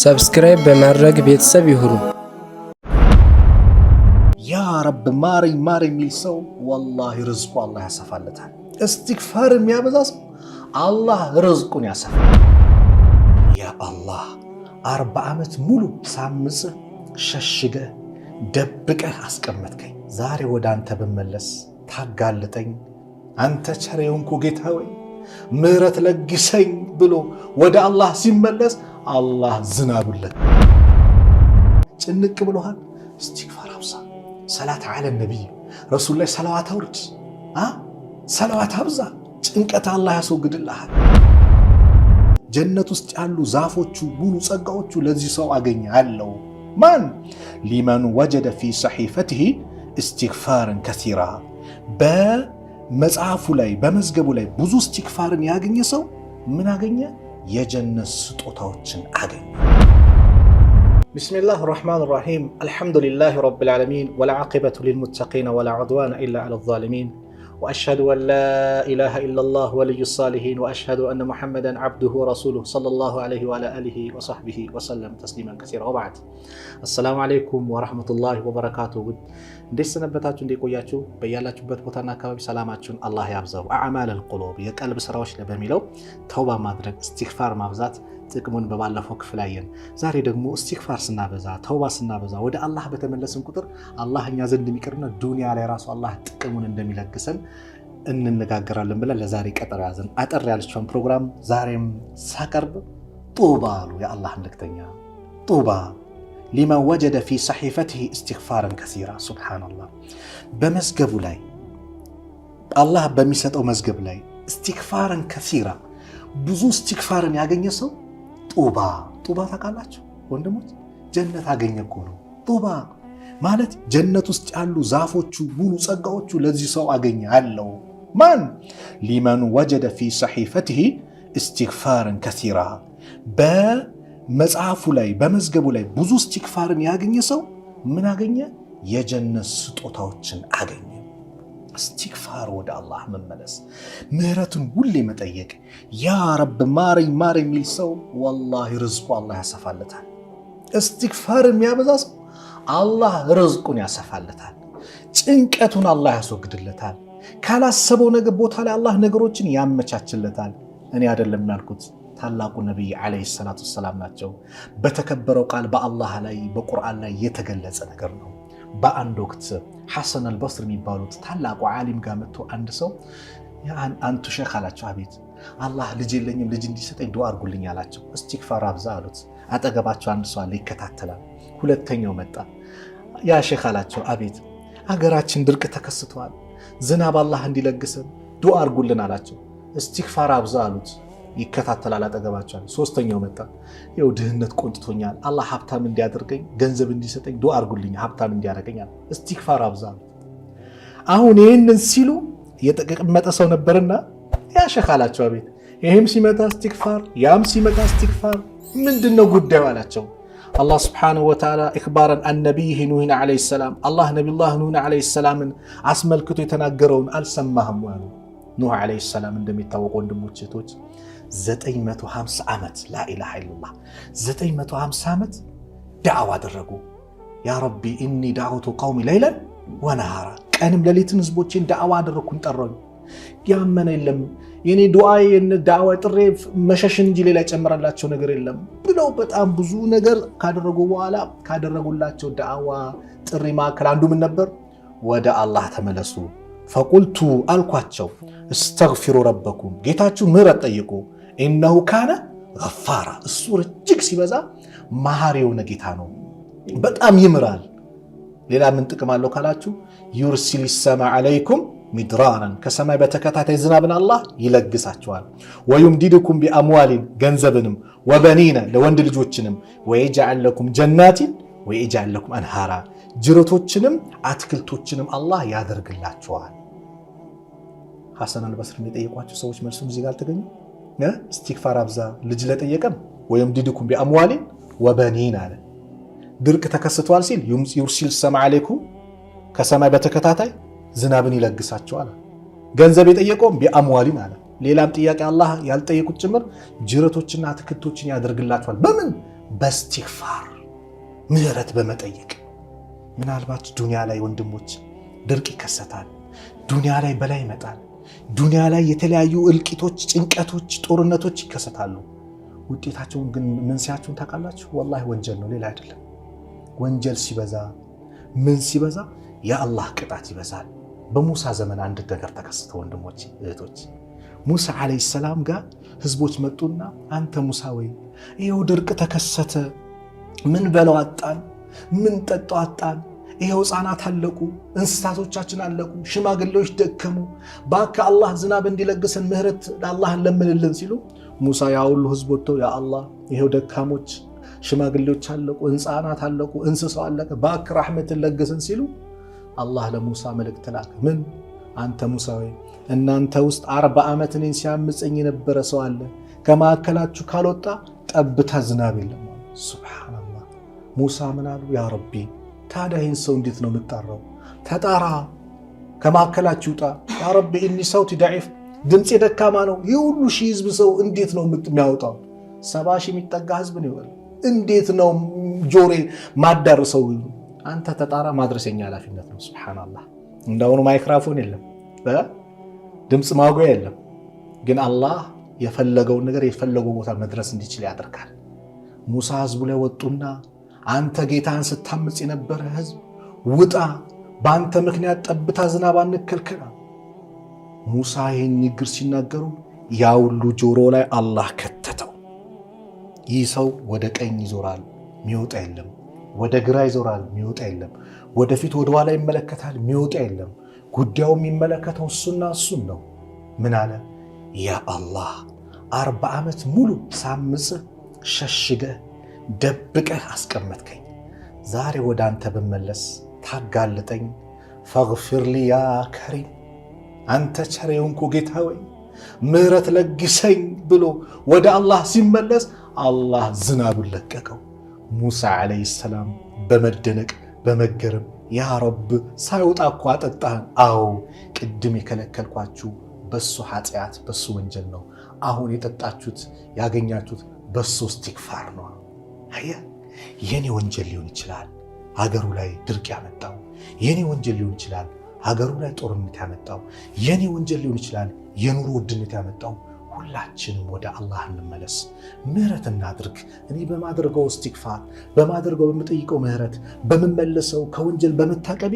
ሰብስክራይብ በማድረግ ቤተሰብ ይሁኑ። ያ ረብ ማረኝ ማር የሚል ሰው ወላሂ ርዝቁ አላህ ያሰፋለታል። እስትግፋር የሚያበዛ ሰው አላህ ርዝቁን ያሰፋል። ያ አላህ አርባ ዓመት ሙሉ ሳምጽህ ሸሽገህ ደብቀህ አስቀመጥከኝ። ዛሬ ወደ አንተ ብመለስ ታጋልጠኝ አንተ ቸር የሆንኩ ጌታ ወይ ምሕረት ለግሰኝ ብሎ ወደ አላህ ሲመለስ አላህ ዝናብለት ጭንቅ ብሎሃል። እስቲግፋር አብዛ፣ ሰላት አለ ነቢይ ረሱል ላይ ሰለዋት አውርድ፣ ሰለዋት አብዛ። ጭንቀት አላህ ያስወግድልሃል። ጀነት ውስጥ ያሉ ዛፎቹ ሙሉ ጸጋዎቹ ለዚህ ሰው አገኘ አለው። ማን ሊመን ወጀደ ፊ ሰሒፈትህ እስትግፋርን ከሲራ በመጽሐፉ ላይ በመዝገቡ ላይ ብዙ እስትግፋርን ያገኘ ሰው ምን አገኘ? የጀነት ስጦታዎችን አገኙ። بسم الله الرحمن الرحيم الحمد لله رب العالمين ولا عاقبة للمتقين ولا عدوان إلا على الظالمين واشهد ان لا اله الا الله ولي الصالحين واشهد ان محمدا عبده ورسوله صلى الله عليه وعلى اله وصحبه وسلم تسليما كثيرا وبعد السلام عليكم ورحمه الله وبركاته ውድ እንደሰነበታችሁ እንደቆያችሁ በያላችሁበት ቦታና አካባቢ ሰላማችሁን አላህ ያብዛው አዕማል አልቁሉብ የቀልብ ስራዎች በሚለው ተውባ ማድረግ እስትግፋር ማብዛት ጥቅሙን በባለፈው ክፍል አየን። ዛሬ ደግሞ እስቲክፋር ስናበዛ፣ ተውባ ስናበዛ፣ ወደ አላህ በተመለስን ቁጥር አላህ እኛ ዘንድ የሚቀርና ዱንያ ላይ ራሱ አላህ ጥቅሙን እንደሚለግሰን እንነጋገራለን ብለን ለዛሬ ቀጠሮ ያዘን። አጠር ያለችን ፕሮግራም ዛሬም ሳቀርብ ጡባ አሉ የአላህ መልክተኛ ጡባ ሊመን ወጀደ ፊ ሰሒፈትህ እስትግፋርን ከሲራ። ሱብሓነላህ በመዝገቡ ላይ አላህ በሚሰጠው መዝገብ ላይ እስትግፋርን ከሲራ ብዙ እስትግፋርን ያገኘ ሰው ጡባ ጡባ ታውቃላችሁ ወንድሞች? ጀነት አገኘ እኮ ነው ጡባ ማለት ጀነት ውስጥ ያሉ ዛፎቹ ሙሉ ጸጋዎቹ ለዚህ ሰው አገኘ አለው። ማን ሊመን ወጀደ ፊ ሰሒፈትህ እስትግፋርን ከሲራ በመጽሐፉ ላይ በመዝገቡ ላይ ብዙ እስትግፋርን ያገኘ ሰው ምን አገኘ? የጀነት ስጦታዎችን አገኘ። እስትግፋር ወደ አላህ መመለስ፣ ምህረቱን ሁሌ መጠየቅ። ያ ረብ ማረኝ ማር የሚል ሰው ወላሂ ርዝቁ አላህ ያሰፋለታል። እስትግፋር የሚያበዛ ሰው አላህ ርዝቁን ያሰፋለታል። ጭንቀቱን አላህ ያስወግድለታል። ካላሰበው ነገር ቦታ ላይ አላህ ነገሮችን ያመቻችለታል። እኔ አይደለም ናልኩት ታላቁ ነቢይ ዓለይሂ ሰላቱ ወሰላም ናቸው። በተከበረው ቃል በአላህ ላይ በቁርአን ላይ የተገለጸ ነገር ነው። በአንድ ወቅት ሐሰን አልበስር የሚባሉት ታላቁ ዓሊም ጋር መጥቶ አንድ ሰው አንቱ ሸክ አላቸው። አቤት አላህ ልጅ የለኝም ልጅ እንዲሰጠኝ ዱዓ አድርጉልኝ አላቸው። እስቲክፋር አብዛ አሉት። አጠገባቸው አንድ ሰው አለ ይከታተላል። ሁለተኛው መጣ። ያ ሸክ አላቸው። አቤት አገራችን ድርቅ ተከስተዋል። ዝናብ አላህ እንዲለግሰን ዱዓ አድርጉልን አላቸው። እስቲክፋር አብዛ አሉት። ይከታተላል አጠገባቸዋል። ሶስተኛው መጣ። ይኸው ድህነት ቆንጥቶኛል፣ አላህ ሀብታም እንዲያደርገኝ ገንዘብ እንዲሰጠኝ ዱ አድርጉልኝ፣ ሀብታም እንዲያደርገኛል። እስቲክፋር አብዛ። አሁን ይህንን ሲሉ የተቀመጠ ሰው ነበርና ያሸክ አላቸው። አቤት! ይህም ሲመጣ እስቲክፋር፣ ያም ሲመጣ እስቲክፋር፣ ምንድን ነው ጉዳዩ አላቸው። አላህ ስብሓነሁ ወተዓላ ኢኽባረን አነቢይህ ኑህን ዓለይሂ ሰላም አላህ ነቢዩላህ ኑህን ዓለይሂ ሰላምን አስመልክቶ የተናገረውን አልሰማህም? ኑህ ዓለይሂ ሰላም እንደሚታወቁ ወንድሞች እህቶች 950 ዓመት ላኢላሃ ኢለላህ 950 ዓመት ዳዕዋ አደረጉ። ያ ረቢ ኢኒ ዳዕወቱ ቀውሚ ለይለን ወነሃራ፣ ቀንም ሌሊትን ህዝቦቼን ዳዕዋ አደረግኩኝ፣ ጠራኝ። ያመነ የለም የኔ ዱዓ ዳዕዋ ጥሬ መሸሽን እንጂ ሌላ ይጨምራላቸው ነገር የለም ብለው በጣም ብዙ ነገር ካደረጉ በኋላ ካደረጉላቸው ዳዕዋ ጥሪ ማዕከል አንዱ ምን ነበር? ወደ አላህ ተመለሱ። ፈቁልቱ አልኳቸው፣ እስተግፊሩ ረበኩም ጌታችሁ ምህረት ጠይቁ ኢነሁ ካነ ፋራ እሱ እጅግ ሲበዛ መሐሪ የሆነ ጌታ ነው። በጣም ይምራል። ሌላ ምን ጥቅም አለው ካላችሁ፣ ዩርሲል ሰማ ዓለይኩም ሚድራራን ከሰማይ በተከታታይ ዝናብን አላህ ይለግሳቸዋል። ወዩምዲድኩም ቢአምዋሊን ገንዘብንም፣ ወበኒነ ለወንድ ልጆችንም፣ ወየጃል ለኩም ጀናቲን ወየጃል ለኩም አንሃራ ጅረቶችንም አትክልቶችንም አላህ ያደርግላቸዋል። ሐሰን አልበስር የጠየቋቸው ሰዎች መልሱም እዚህ ጋር አልተገኙ እስቲክፋር አብዛ፣ ልጅ ለጠየቀም ወይም ዲድኩም ቢአምዋሊን ወበኒን አለ። ድርቅ ተከስቷል ሲል ዩርሲል ሰማ አሌይኩም ከሰማይ በተከታታይ ዝናብን ይለግሳቸዋል። ገንዘብ የጠየቀውም ቢአምዋሊን አለ። ሌላም ጥያቄ አላህ ያልጠየቁት ጭምር ጅረቶችና አትክልቶችን ያደርግላቸዋል። በምን በስቲክፋር ምህረት በመጠየቅ ምናልባት ዱንያ ላይ ወንድሞች ድርቅ ይከሰታል። ዱንያ ላይ በላይ ይመጣል። ዱንያ ላይ የተለያዩ እልቂቶች፣ ጭንቀቶች፣ ጦርነቶች ይከሰታሉ። ውጤታቸውን ግን መንስያቸውን ታውቃላችሁ? ወላሂ ወንጀል ነው፣ ሌላ አይደለም። ወንጀል ሲበዛ ምን ሲበዛ የአላህ ቅጣት ይበዛል። በሙሳ ዘመን አንድ ነገር ተከሰተ። ወንድሞች እህቶች፣ ሙሳ ዓለይሂ ሰላም ጋር ህዝቦች መጡና አንተ ሙሳ ወይ ይኸው ድርቅ ተከሰተ፣ ምን በለው አጣን፣ ምን ጠጣው አጣን ይኸው ሕፃናት አለቁ፣ እንስሳቶቻችን አለቁ፣ ሽማግሌዎች ደከሙ፣ ባካ አላህ ዝናብ እንዲለግሰን ምህረት አላህን ለምንልን ሲሉ ሙሳ ያ ሁሉ ህዝብ ወጥቶ ያ አላህ ይኸው ደካሞች፣ ሽማግሌዎች አለቁ፣ ሕፃናት አለቁ፣ እንስሳው አለቀ፣ ባክ ራሕመትን ለግሰን ሲሉ አላህ ለሙሳ መልእክት ላከ። ምን አንተ ሙሳ ወይ እናንተ ውስጥ አርባ ዓመት እኔን ሲያምፀኝ የነበረ ሰው አለ፣ ከማዕከላችሁ ካልወጣ ጠብታ ዝናብ የለም። ሱብሓነላህ ሙሳ ምን አሉ ያ ረቢ ታዲያ ይህን ሰው እንዴት ነው የምጣራው? ተጣራ፣ ከማዕከላችሁ ውጣ። ያረቢ እኒ ሰውቲ ደዒፍ፣ ድምፄ ደካማ ነው። ይህ ሁሉ ሺ ህዝብ ሰው እንዴት ነው የሚያወጣው? ሰባ ሺ የሚጠጋ ህዝብ ነው ይበል። እንዴት ነው ጆሬ ማዳርሰው? አንተ ተጣራ፣ ማድረሰኛ ኃላፊነት ነው። ስብሓናላህ። እንደውኑ ማይክራፎን የለም ድምፅ ማጉያ የለም። ግን አላህ የፈለገውን ነገር የፈለገው ቦታ መድረስ እንዲችል ያደርጋል። ሙሳ ህዝቡ ላይ ወጡና አንተ ጌታን ስታምፅ የነበረ ህዝብ ውጣ፣ በአንተ ምክንያት ጠብታ ዝናብ አንከልክል። ሙሳ ይህን ንግር ሲናገሩ ያ ሁሉ ጆሮ ላይ አላህ ከተተው። ይህ ሰው ወደ ቀኝ ይዞራል፣ ሚወጣ የለም። ወደ ግራ ይዞራል፣ ሚወጣ የለም። ወደፊት ወደ ኋላ ይመለከታል፣ ሚወጣ የለም። ጉዳዩ የሚመለከተው እሱና እሱን ነው። ምን አለ? ያ አላህ አርባ ዓመት ሙሉ ሳምፅህ ሸሽገህ ደብቀህ አስቀመጥከኝ። ዛሬ ወደ አንተ ብመለስ ታጋልጠኝ። ፈግፊርሊ ያ ከሪም፣ አንተ ቸር የሆንኩ ጌታ ወይ ምሕረት ለግሰኝ ብሎ ወደ አላህ ሲመለስ አላህ ዝናቡን ለቀቀው። ሙሳ ዓለይሂ ሰላም በመደነቅ በመገረም ያ ረብ ሳይወጣ እኮ አጠጣህን። አዎ ቅድም የከለከልኳችሁ በሱ ኃጢአት በሱ ወንጀል ነው። አሁን የጠጣችሁት ያገኛችሁት በሱ እስትግፋር ነው። አየ የኔ ወንጀል ሊሆን ይችላል ሀገሩ ላይ ድርቅ ያመጣው፣ የኔ ወንጀል ሊሆን ይችላል ሀገሩ ላይ ጦርነት ያመጣው፣ የኔ ወንጀል ሊሆን ይችላል የኑሮ ውድነት ያመጣው ሁላችንም ወደ አላህ እንመለስ፣ ምህረት እናድርግ። እኔ በማድርገው እስቲግፋር፣ በማድርገው በምጠይቀው ምህረት፣ በምመለሰው ከወንጀል በመታቀቤ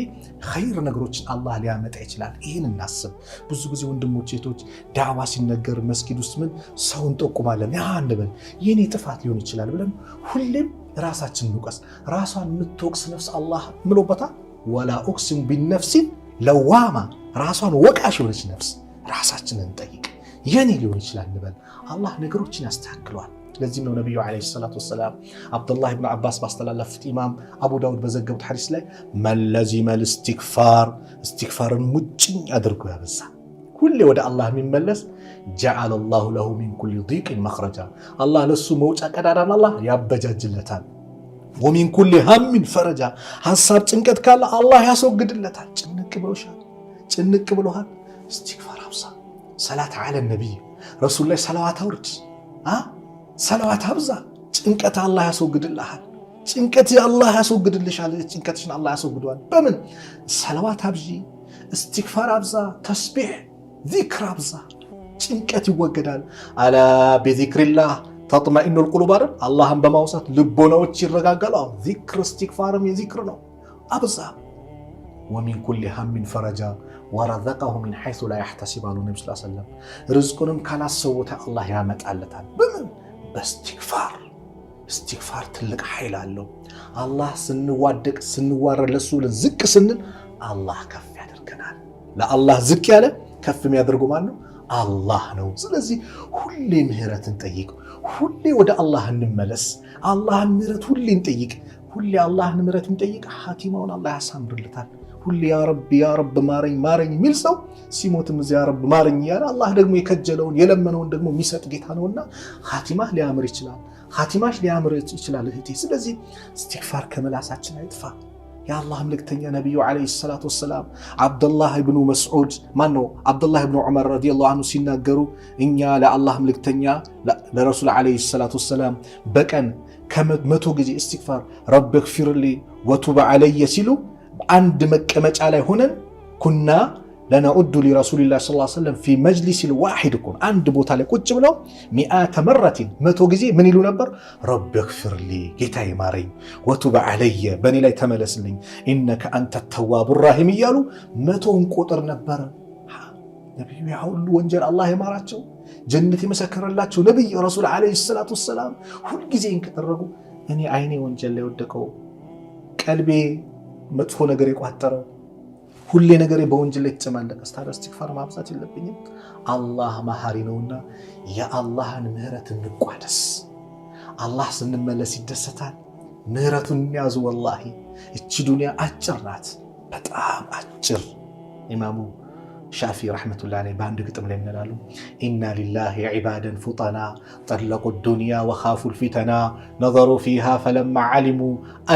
ኸይር ነገሮችን አላህ ሊያመጣ ይችላል። ይህን እናስብ። ብዙ ጊዜ ወንድሞች ሴቶች፣ ዳዕዋ ሲነገር መስጊድ ውስጥ ምን ሰው እንጠቁማለን፣ ያ እንበል የእኔ ጥፋት ሊሆን ይችላል ብለን ሁሌም ራሳችን እንውቀስ። ራሷን የምትወቅስ ነፍስ አላህ ምሎበታል፣ ወላ ኡክሲሙ ቢነፍሲን ለዋማ ራሷን ወቃሽ የሆነች ነፍስ ራሳችንን እንጠይቅ። የኔ ሊሆን ይችላል እንበል። አላህ ነገሮችን ያስተካክለዋል። ለዚህም ነው ነቢዩ ዓለይሂ ሰላቱ ወሰላም አብዱላህ ብን አባስ ባስተላለፉት ኢማም አቡ ዳውድ በዘገቡት ሐዲስ ላይ መለዚመል እስቲክፋር እስቲክፋርን ሙጭኝ አድርጎ ያበዛ ሁሌ ወደ አላህ የሚመለስ ጀዓለ ላሁ ለሁ ሚን ኩሊ ዲቅን መኽረጃ አላህ ለሱ መውጫ ቀዳዳን አላህ ያበጃጅለታል። ወሚን ኩሊ ሀሚን ፈረጃ ሀሳብ ጭንቀት ካለ አላህ ያስወግድለታል። ጭንቅ ብሎሻል፣ ጭንቅ ብሎሃል። ሰላት አለ ነቢይ ረሱል ላይ ሰለዋት አውርድ፣ ሰለዋት አብዛ። ጭንቀት አላህ ያስወግድልሃል። ጭንቀት አላህ ያስወግድልሻል። ጭንቀትሽን አላህ ያስወግደዋል። በምን ሰለዋት አብዢ፣ እስትግፋር አብዛ፣ ተስቢሕ ዚክር አብዛ። ጭንቀት ይወገዳል። አላ ቢዚክሪላህ ተጥመኢኑ ልቁሉብ አይደል? አላህን በማውሳት ልቦናዎች ይረጋጋሉ። ዚክር እስትግፋርም የዚክር ነው። አብዛ ወሚን ኩል ሀሚን ፈረጃ ወረዘቀሁ ሚን ሐይሱ ላ ያሕተሲብ አሉ ነቢ ስ ሰለም። ርዝቁንም ካላሰቦታ አላህ ያመጣለታል። በምን በእስትግፋር እስትግፋር ትልቅ ኃይል አለው። አላህ ስንዋደቅ ስንዋረድ፣ ለሱ ብለን ዝቅ ስንል አላህ ከፍ ያደርገናል። ለአላህ ዝቅ ያለ ከፍ የሚያደርጉ ማን ነው? አላህ ነው። ስለዚህ ሁሌ ምህረትን ጠይቅ። ሁሌ ወደ አላህ እንመለስ። አላህን ምህረት ሁሌ እንጠይቅ። ሁሌ አላህን ምህረት እንጠይቅ። ሀቲማውን አላህ ያሳምርለታል። ሁሌ ያ ረብ ማረኝ ማረኝ የሚል ሰው ሲሞትም ያ ረብ ማረኝ እያለ አላህ ደግሞ የከጀለውን የለመነውን ደግሞ የሚሰጥ ጌታ ነውና ሀቲማህ ሊያምር ይችላል። ሀቲማሽ ሊያምር ይችላል እህቴ። ስለዚህ እስትግፋር ከመላሳችን አይጥፋ። የአላህ ምልክተኛ ነቢዩ ዓለይሂ ሰላቱ ወሰላም አብደላህ ብኑ መስዑድ ማን ነው አብደላህ ብኑ ዑመር ረዲየላሁ አንሁ ሲናገሩ እኛ ለአላህ መልእክተኛ ለረሱል ዓለይሂ ሰላቱ ወሰላም በቀን ከመቶ ጊዜ እስቲግፋር ረቢ ግፊርሊ ወቱብ ዓለየ ሲሉ በአንድ መቀመጫ ላይ ሆነን ኩና ለነኡዱ ሊረሱልላ ስ ሰለም ፊ መጅሊስ ልዋሒድ እኮ አንድ ቦታ ላይ ቁጭ ብለው ሚአተ መረቲን መቶ ጊዜ ምን ይሉ ነበር? ረቢ ግፊርሊ ጌታ ይማረኝ፣ ወቱብ ዓለየ በእኔ ላይ ተመለስልኝ፣ ኢነከ አንተ ተዋቡ ራሂም እያሉ መቶውን ቁጥር ነበር። ነቢዩ ያ ሁሉ ወንጀል አላህ የማራቸው ጀነት የመሰከረላቸው ነቢይ ረሱል ዓለይሂ ሰላቱ ወሰላም ሁልጊዜ ይንከደረጉ እኔ አይኔ ወንጀል ላይ ወደቀው ቀልቤ መጥፎ ነገር የቋጠረው ሁሌ ነገሬ በወንጀል ላይ የተጨማለቀ ስታዲያ ኢስቲግፋር ማብዛት የለብኝም። አላህ መሐሪ ነውና የአላህን ምህረት እንቋደስ። አላህ ስንመለስ ይደሰታል። ምህረቱን እንያዙ። ወላሂ እቺ ዱንያ አጭር ናት፣ በጣም አጭር። ኢማሙ ሻፊ ረሕመቱላህ ላይ በአንድ ግጥም ላይ ምንላሉ? ኢና ሊላሂ ዒባደን ፉጠና ጠለቁ ዱንያ ወኻፉ ልፊተና ነዘሩ ፊሃ ፈለማ ዓሊሙ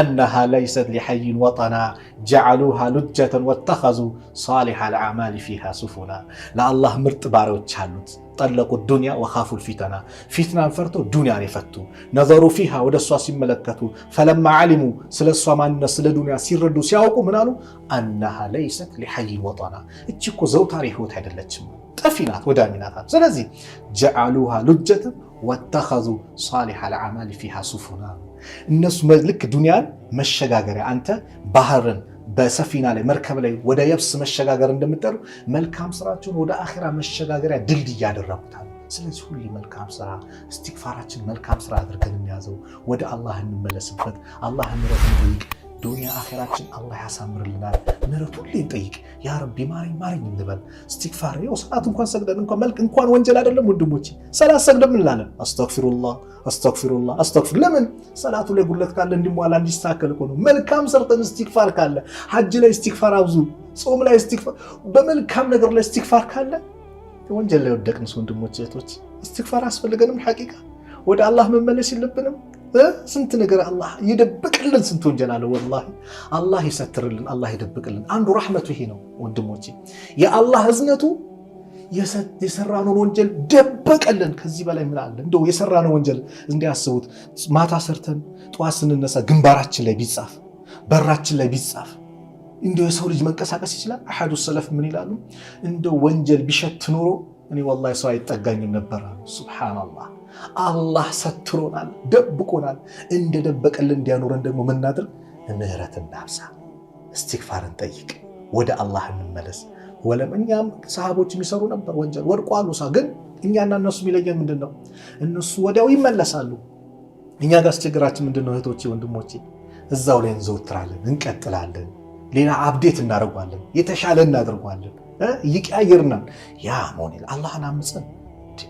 አነሃ ለይሰት ሊሐይን ወጠና ጀዓሉሃ ሉጀተን ወተኸዙ ሳሊሐ ልአዕማል ፊሃ ሱፉና። ለአላህ ምርጥ ባሪዎች አሉት ጠለቁ ዱንያ ወካፉል ፊተና ፊትናን ፈርተው ዱንያን የፈቱ ነዘሩ ፊሃ ወደ እሷ ሲመለከቱ ፈለማ ዓሊሙ ስለ እሷ ማንነት ስለ ዱንያ ሲረዱ ሲያውቁ ምናሉ አናሃ ለይሰት ሊሐይን ወጠና እቺ እኮ ዘውታሪ ህይወት አይደለችም፣ ጠፊ ናት፣ ወዳሚ ናት። ስለዚህ ጀዓሉሃ ሉጀትን ወተኸዙ ሳሊሐ ልዓማል ፊሃ ሱፉና እነሱ ልክ ዱንያን መሸጋገሪያ አንተ ባህርን በሰፊና ላይ መርከብ ላይ ወደ የብስ መሸጋገር እንደምጠሩ መልካም ስራችሁን ወደ አኼራ መሸጋገሪያ ድልድይ እያደረጉታል። ስለዚህ ሁሌ መልካም ስራ እስቲክፋራችን መልካም ስራ አድርገን እንያዘው። ወደ አላህ እንመለስበት። አላህ ምሕረት እንጠይቅ። ዱኒያ አኼራችን አላህ ያሳምርልናል። ምህረት ሁሌ እንጠይቅ። ያ ረቢ ማረኝ ማረኝ እንበል። እስትግፋር ው ሰዓት እንኳን ሰግደን እንኳን መልክ እንኳን ወንጀል አይደለም ወንድሞቼ፣ ሰላት ሰግደን እንላለን። አስተግፊሩላህ አስተግፊሩላህ አስተግፊር። ለምን ሰላቱ ላይ ጉለት ካለ እንዲሟላ እንዲስተካከል እኮ ነው። መልካም ሰርተን እስትግፋር ካለ፣ ሀጅ ላይ እስትግፋር አብዙ፣ ጾም ላይ እስትግፋር፣ በመልካም ነገር ላይ እስትግፋር ካለ ወንጀል ላይ ወደቅንስ ወንድሞች እህቶች፣ እስትግፋር አስፈልገንም ሐቂቃ ወደ አላህ መመለስ የለብንም። ስንት ነገር አላህ ይደብቅልን፣ ስንት ወንጀል አለ። ወላሂ አላህ ይሰትርልን፣ አላህ ይደብቅልን። አንዱ ራህመቱ ይሄ ነው ወንድሞቼ፣ የአላህ እዝነቱ የሰራነውን ወንጀል ደበቀልን። ከዚህ በላይ ምን አለ? እንደው የሰራነው ወንጀል እንዲያስቡት ማታ ሰርተን ጠዋት ስንነሳ ግንባራችን ላይ ቢጻፍ፣ በራችን ላይ ቢጻፍ እንደው የሰው ልጅ መንቀሳቀስ ይችላል። አሐዱ ሰለፍ ምን ይላሉ? እንደው ወንጀል ቢሸት ኖሮ እኔ ወላሂ ሰው አይጠጋኝም ነበረ። ሱብሓነላህ አላህ ሰትሮናል፣ ደብቆናል። እንደደበቀልን እንዲያኖረን ደግሞ ምናድርግ? ምህረትን እናብዛ፣ እስቲግፋርን ጠይቅ፣ ወደ አላህ እንመለስ። ወለም እኛም ሰሃቦች የሚሰሩ ነበር ወንጀል ወድቆ አሉሳ ግን እኛና እነሱ የሚለየ ምንድን ነው? እነሱ ወዲያው ይመለሳሉ። እኛ ጋር ችግራችን ምንድን ነው? እህቶቼ ወንድሞቼ፣ እዛው ላይ እንዘውትራለን፣ እንቀጥላለን፣ ሌላ አብዴት እናደርጓለን፣ የተሻለ እናደርጓለን፣ ይቀያየርናል። ያ መሆን አላህን አምፅን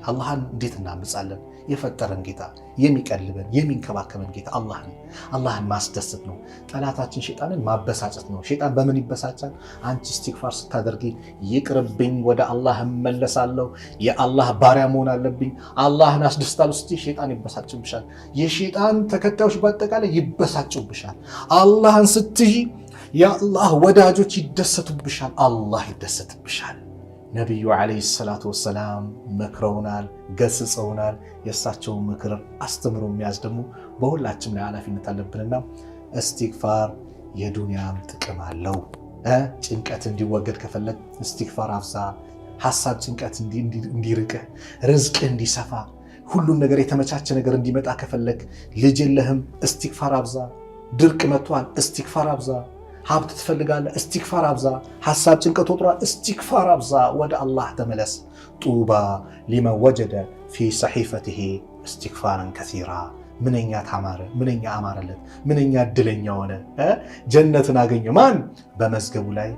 አላህን እንዴት እናምጻለን? የፈጠረን ጌታ፣ የሚቀልበን የሚንከባከበን ጌታ አላህን አላህን ማስደሰት ነው። ጠላታችን ሸጣንን ማበሳጨት ነው። ሸጣን በምን ይበሳጫል? አንቺ እስቲግፋር ስታደርጊ ይቅርብኝ፣ ወደ አላህ እመለሳለሁ፣ የአላህ ባሪያ መሆን አለብኝ፣ አላህን አስደስታል ስትይ ሸጣን ይበሳጭብሻል። የሸጣን ተከታዮች በአጠቃላይ ይበሳጩብሻል። አላህን ስትይ የአላህ ወዳጆች ይደሰቱብሻል። አላህ ይደሰትብሻል። ነቢዩ ዓለይሂ ሰላቱ ወሰላም መክረውናል፣ ገስጸውናል። የእሳቸውን ምክር አስተምሮ የሚያዝ ደግሞ በሁላችንም ላይ ኃላፊነት አለብንና እስትግፋር የዱንያም ጥቅም አለው። ጭንቀት እንዲወገድ ከፈለግ እስትግፋር አብዛ። ሀሳብ ጭንቀት እንዲርቅህ፣ ርዝቅ እንዲሰፋ፣ ሁሉም ነገር የተመቻቸ ነገር እንዲመጣ ከፈለግ ልጅ የለህም፣ እስትግፋር አብዛ። ድርቅ መጥቷል፣ እስትግፋር አብዛ። ሀብት ትፈልጋለህ? እስቲክፋር አብዛ። ሀሳብ ጭንቀት ወጥሯል? እስቲክፋር አብዛ፣ ወደ አላህ ተመለስ። ጡባ ሊመን ወጀደ ፊ ሰሒፈትህ እስቲክፋረን ከሲራ። ምንኛ ታማረ፣ ምንኛ አማረለት፣ ምንኛ እድለኛ ሆነ፣ ጀነትን አገኘ። ማን በመዝገቡ ላይ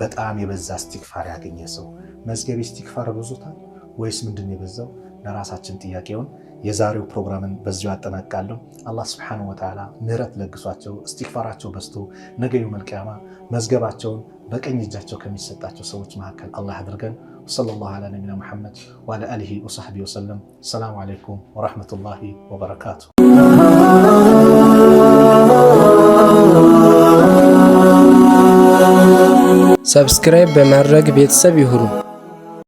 በጣም የበዛ እስቲክፋር ያገኘ ሰው። መዝገብ እስቲክፋር ብዙታል ወይስ ምንድን የበዛው? ለራሳችን ጥያቄውን የዛሬው ፕሮግራምን በዚሁ አጠናቅቃለሁ። አላህ ስብሐነሁ ወተዓላ ምህረት ለግሷቸው እስቲግፋራቸው በዝቶ ነገ መልቅያማ መዝገባቸውን በቀኝ እጃቸው ከሚሰጣቸው ሰዎች መካከል አላህ አድርገን። ወሰለላሁ ዓላ ነቢና ሙሐመድ ወዓላ አሊሂ ወሰሕቢ ወሰለም። ሰላሙ ዓለይኩም ወረሕመቱላሂ ወበረካቱ። ሰብስክራይብ በማድረግ ቤተሰብ ይሁኑ።